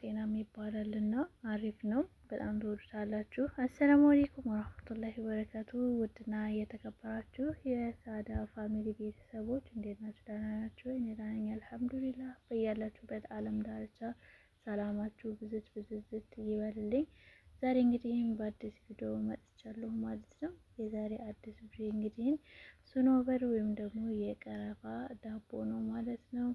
ጤና ይባላል እና አሪፍ ነው። በጣም ትወዱታላችሁ። አሰላሙ አሌይኩም ወረህመቱላሂ ወበረካቱ። ውድና የተከበራችሁ የሳዳ ፋሚሊ ቤተሰቦች እንዴት ናችሁ? ደህና ናችሁ? እኔ ደህና ነኝ አልሐምዱሊላህ። በያላችሁበት አለም ዳርቻ ሰላማችሁ ብዝት ብዝዝት ይበልልኝ። ዛሬ እንግዲህ በአዲስ ቪዲዮ መጥቻለሁ ማለት ነው። የዛሬ አዲስ ቪዲዮ እንግዲህ ስኖበር ወይም ደግሞ የቀረፋ ዳቦ ነው ማለት ነው።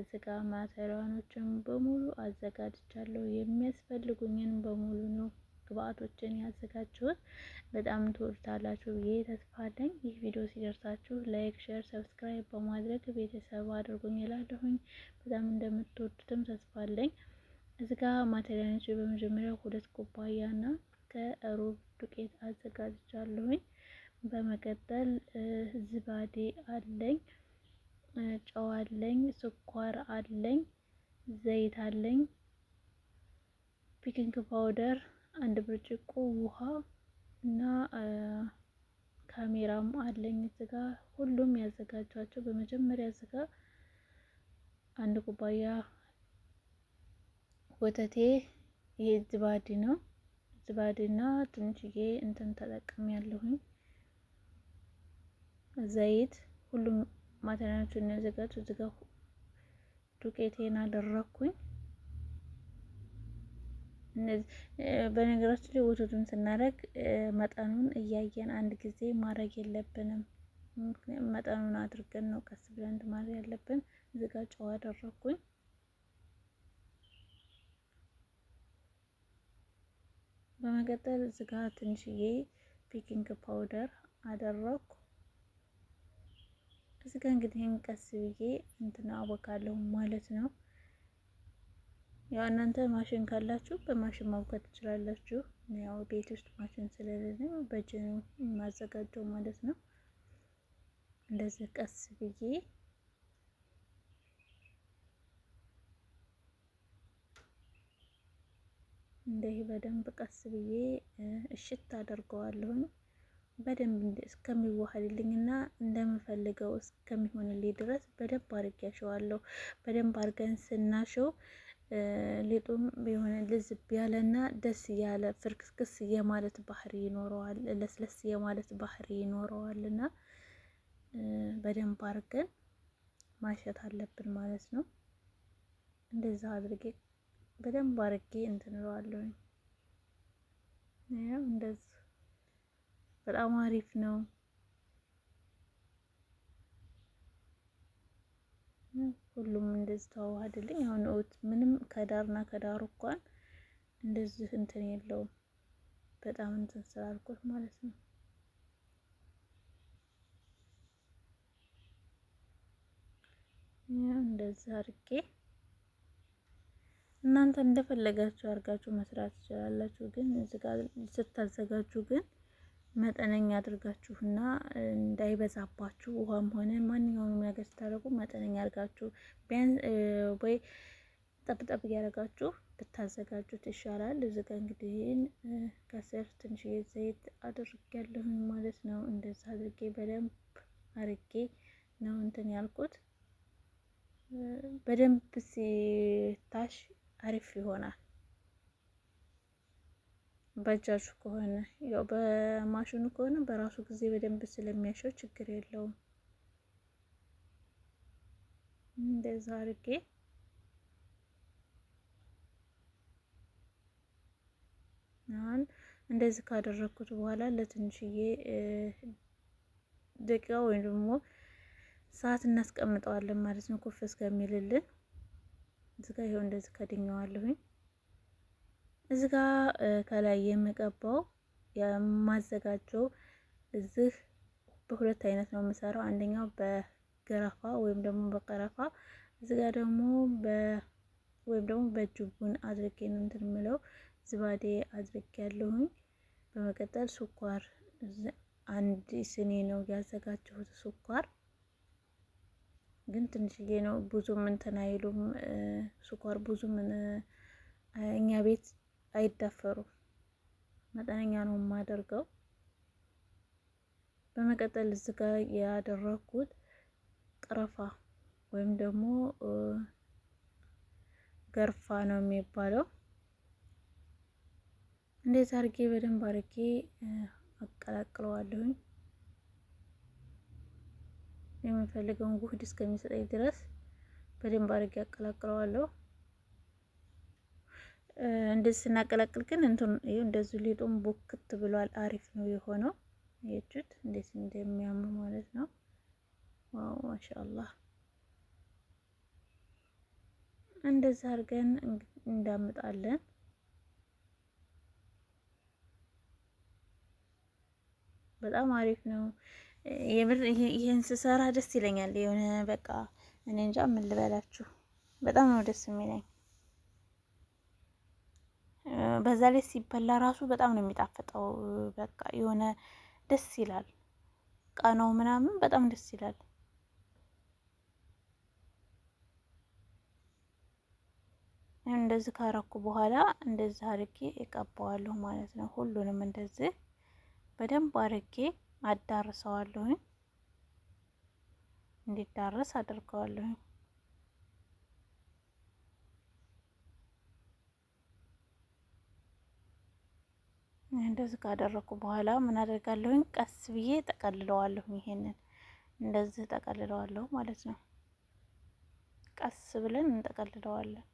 እዚህ ጋ ማቴሪያሎችን በሙሉ አዘጋጅቻለሁ። የሚያስፈልጉኝን በሙሉ ነው ግብአቶችን ያዘጋጀሁት። በጣም ትወዱታላችሁ ብዬ ተስፋ አለኝ። ይህ ቪዲዮ ሲደርሳችሁ ላይክ፣ ሼር፣ ሰብስክራይብ በማድረግ ቤተሰብ አድርጎኝ እላለሁኝ። በጣም እንደምትወዱትም ተስፋ አለኝ። እዚህ ጋር ማቴሪያሎች በመጀመሪያ ሁለት ኩባያ እና ከሩብ ዱቄት አዘጋጅቻለሁኝ። በመቀጠል ዝባዴ አለኝ፣ ጨው አለኝ፣ ስኳር አለኝ፣ ዘይት አለኝ፣ ፒኪንግ ፓውደር፣ አንድ ብርጭቆ ውሃ እና ካሜራም አለኝ። እዚህ ጋ ሁሉም ያዘጋጇቸው በመጀመሪያ እዚህ ጋ አንድ ኩባያ ወተቴ ይሄ ዝባድ ነው። እና ትንሽዬ እንትን ተጠቅም ያለሁኝ ዘይት፣ ሁሉም ማቴሪያሎቹን ያዘጋጁ እዚህ ዱቄቴን አደረኩኝ። በነገራችን ላይ ወተቱን ስናደርግ መጠኑን እያየን አንድ ጊዜ ማድረግ የለብንም። መጠኑን አድርገን ነው ቀስ ብለን ማድረግ ያለብን። እዚህ ጨው አደረኩኝ። በመቀጠል ዝጋ ትንሽዬ ቤኪንግ ፓውደር አደረኩ። እዚህ እንግዲህ ቀስ ብዬ እንትን አወቃለሁ ማለት ነው። ያው እናንተ ማሽን ካላችሁ በማሽን ማቡካት ትችላላችሁ። ያው ቤት ውስጥ ማሽን ስለሌለ በእጅ የማዘጋጀው ማለት ነው። እንደዚህ ቀስ ብዬ እንደዚህ በደንብ ቀስ ብዬ እሽት አደርገዋለሁኝ። በደንብ እስከሚዋሃድልኝ እና እንደምፈልገው እስከሚሆንልኝ ድረስ በደንብ አርጌ አሸዋለሁ። በደንብ አርገን ስናሸው ሊጡም የሆነ ልዝብ ያለ እና ደስ ያለ ፍርክስክስ የማለት ባህሪ ይኖረዋል፣ ለስለስ የማለት ባህሪ ይኖረዋል እና በደንብ አርገን ማሸት አለብን ማለት ነው። እንደዛ አድርጌ በደንብ አድርጌ እንትን እለዋለሁኝ። ያው እንደዚህ በጣም አሪፍ ነው። ሁሉም እንደዚህ ተዋህደልኝ። አሁን እውት ምንም ከዳርና ከዳሩ እንኳን እንደዚህ እንትን የለውም። በጣም እንትን ስላልኩት ማለት ነው። እንደዚህ አድርጌ እናንተ እንደፈለጋችሁ አድርጋችሁ መስራት ትችላላችሁ። ግን ስታዘጋጁ ግን መጠነኛ አድርጋችሁና እንዳይበዛባችሁ ውሃም ሆነ ማንኛውንም ነገር ስታደርጉ መጠነኛ አድርጋችሁ ወይ ጠብጠብ እያደረጋችሁ ብታዘጋጁት ይሻላል። እዚህ ጋር እንግዲህ ከስር ትንሽ ዘይት አድርጌያለሁኝ ማለት ነው። እንደዛ አድርጌ በደንብ አድርጌ ነው እንትን ያልኩት በደንብ ሲታሽ አሪፍ ይሆናል። በጃጁ ከሆነ ያው በማሽኑ ከሆነ በራሱ ጊዜ በደንብ ስለሚያሸው ችግር የለውም። እንደዛ አድርጌ አሁን እንደዚህ ካደረኩት በኋላ ለትንሽዬ ደቂቃ ወይም ደግሞ ሰዓት እናስቀምጠዋለን ማለት ነው፣ ኩፍ እስከሚልልን እዚህ ይሄው እንደዚህ ከድኘዋለሁኝ። እዚህ ከላይ የምቀባው የማዘጋጀው እዚህ በሁለት አይነት ነው የምሰራው። አንደኛው በገረፋ ወይም ደግሞ በቀረፋ እዚህ ጋር ደግሞ ወይም ደግሞ በጅቡን አድርጌ ነው እንትን የምለው ዝባዴ አድርጌ ያለሁኝ። በመቀጠል ስኳር አንድ ስኒ ነው ያዘጋጀሁት ስኳር ግን ትንሽዬ ነው፣ ብዙም እንትን አይሉም። ስኳር ብዙም እኛ ቤት አይዳፈሩም። መጠነኛ ነው የማደርገው። በመቀጠል እዚህ ጋር ያደረኩት ቀረፋ ወይም ደግሞ ገርፋ ነው የሚባለው። እንደዚህ አድርጌ በደንብ አድርጌ አቀላቅለዋለሁኝ። የምንፈልገውን ጉህድ እስከሚሰጠኝ ድረስ በደንብ አድርጌ አቀላቅለዋለሁ። እንደዚህ ስናቀላቅል ግን እንትን ይሄ እንደዚህ ሊጡም ቦክት ብሏል። አሪፍ ነው የሆነው። የቹት እንዴት እንደሚያምር ማለት ነው። ዋው ማሻአላህ። እንደዚህ አድርገን እንዳምጣለን። በጣም አሪፍ ነው። የምር ይህን ስሰራ ደስ ይለኛል። የሆነ በቃ እኔ እንጃ ምን ልበላችሁ፣ በጣም ነው ደስ የሚለኝ። በዛ ላይ ሲበላ ራሱ በጣም ነው የሚጣፍጠው። በቃ የሆነ ደስ ይላል፣ ቃናው ምናምን በጣም ደስ ይላል። እንደዚህ ካረኩ በኋላ እንደዚህ አርጌ እቀባዋለሁ ማለት ነው። ሁሉንም እንደዚህ በደንብ አርጌ አዳርሰዋለሁኝ እንዲዳረስ አድርገዋለሁኝ። እንደዚህ ካደረኩ በኋላ ምን አደርጋለሁኝ? ቀስ ብዬ ጠቀልለዋለሁ። ይሄንን እንደዚህ ጠቀልለዋለሁ ማለት ነው። ቀስ ብለን እንጠቀልለዋለን።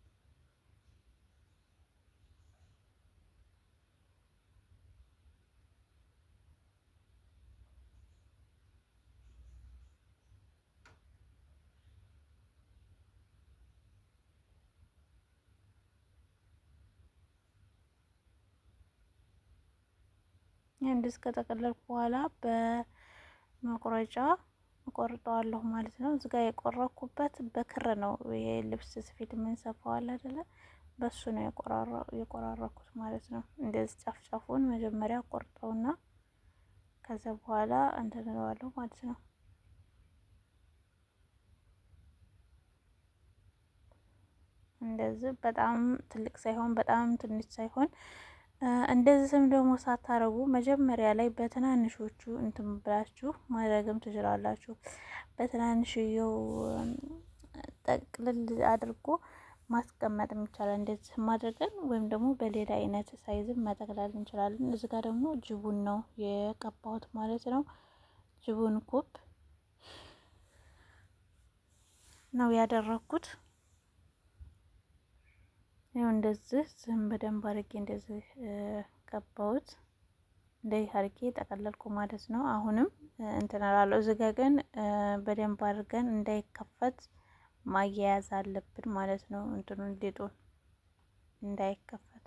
ይህን እንደዚህ ከጠቀለልኩ በኋላ በመቁረጫ እቆርጠዋለሁ ማለት ነው። እዚጋ የቆረኩበት በክር ነው። ይሄ ልብስ ስፌት የምንሰፋዋል አይደለ? በሱ ነው የቆራረኩት ማለት ነው። እንደዚህ ጫፍጫፉን መጀመሪያ ቆርጠውና ከዛ በኋላ እንትንለዋለሁ ማለት ነው። እንደዚህ በጣም ትልቅ ሳይሆን በጣም ትንሽ ሳይሆን እንደዚህ ስም ደግሞ ሳታረጉ መጀመሪያ ላይ በትናንሾቹ እንትን ብላችሁ ማድረግም ትችላላችሁ። በትናንሽየው ጠቅልል አድርጎ ማስቀመጥም ይቻላል። እንደዚህ አድርገን ወይም ደግሞ በሌላ አይነት ሳይዝም መጠቅለል እንችላለን። እዚህ ጋር ደግሞ ጅቡን ነው የቀባሁት ማለት ነው። ጅቡን ኩብ ነው ያደረኩት። ይኸው እንደዚህ ዝም በደንብ አድርጌ እንደዚህ ቀባሁት። እንደዚህ አድርጌ ጠቀለልኩ ማለት ነው። አሁንም እንትን እላለሁ። እዚህ ጋ ግን በደንብ አድርገን እንዳይከፈት ማያያዝ አለብን ማለት ነው። እንትኑን ሊጡን እንዳይከፈት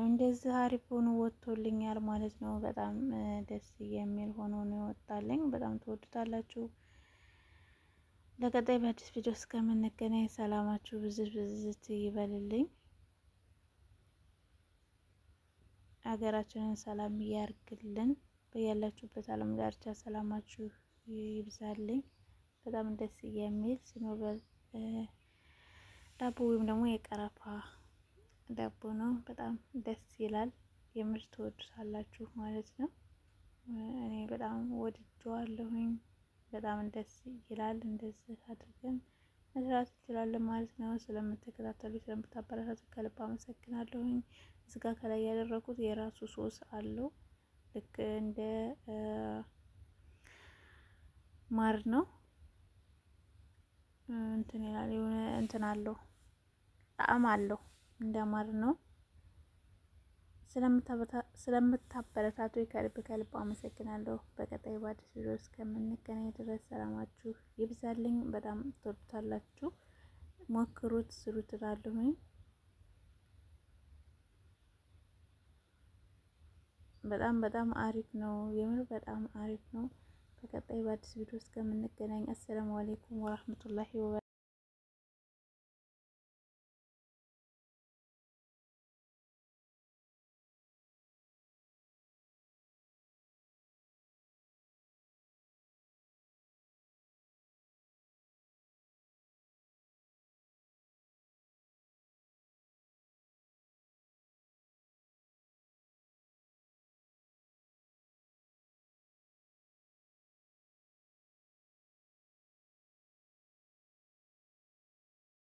እንደዚህ አሪፍ ሆኖ ወጥቶልኛል ማለት ነው። በጣም ደስ የሚል ሆኖ ነው የወጣልኝ። በጣም ትወዱታላችሁ። ለቀጣይ በአዲስ ቪዲዮ እስከምንገናኝ ሰላማችሁ ብዝት ብዝት ይበልልኝ። ሀገራችንን ሰላም እያርግልን፣ በያላችሁበት ዓለም ዳርቻ ሰላማችሁ ይብዛልኝ። በጣም ደስ የሚል ሲኖበል ዳቦ ወይም ደግሞ የቀረፋ ዳቦ ነው። በጣም ደስ ይላል። የምር ትወዱታላችሁ ማለት ነው። እኔ በጣም ወድጀዋለሁኝ። በጣም ደስ ይላል። እንደዚህ አድርገን መስራት እንችላለን ማለት ነው። ስለምትከታተሉ ስለምታበረታቱ ከልብ አመሰግናለሁኝ። እዚጋ ከላይ ያደረኩት የራሱ ሶስ አለው ልክ እንደ ማር ነው እንትን ይላል የሆነ እንትን አለው ጣዕም አለው። እንደማር ነው። ስለምታበረታቱ ከልብ ከልብ አመሰግናለሁ። በቀጣይ በአዲስ ቪዲዮ እስከምንገናኝ ድረስ ሰላማችሁ ይብዛልኝ። በጣም ትወዱታላችሁ። ሞክሩት፣ ስሩ እላለሁኝ። በጣም በጣም አሪፍ ነው። የምር በጣም አሪፍ ነው። በቀጣይ በአዲስ ቪዲዮ እስከምንገናኝ አሰላሙ አሌይኩም ወራህመቱላሂ ወበረካቱ።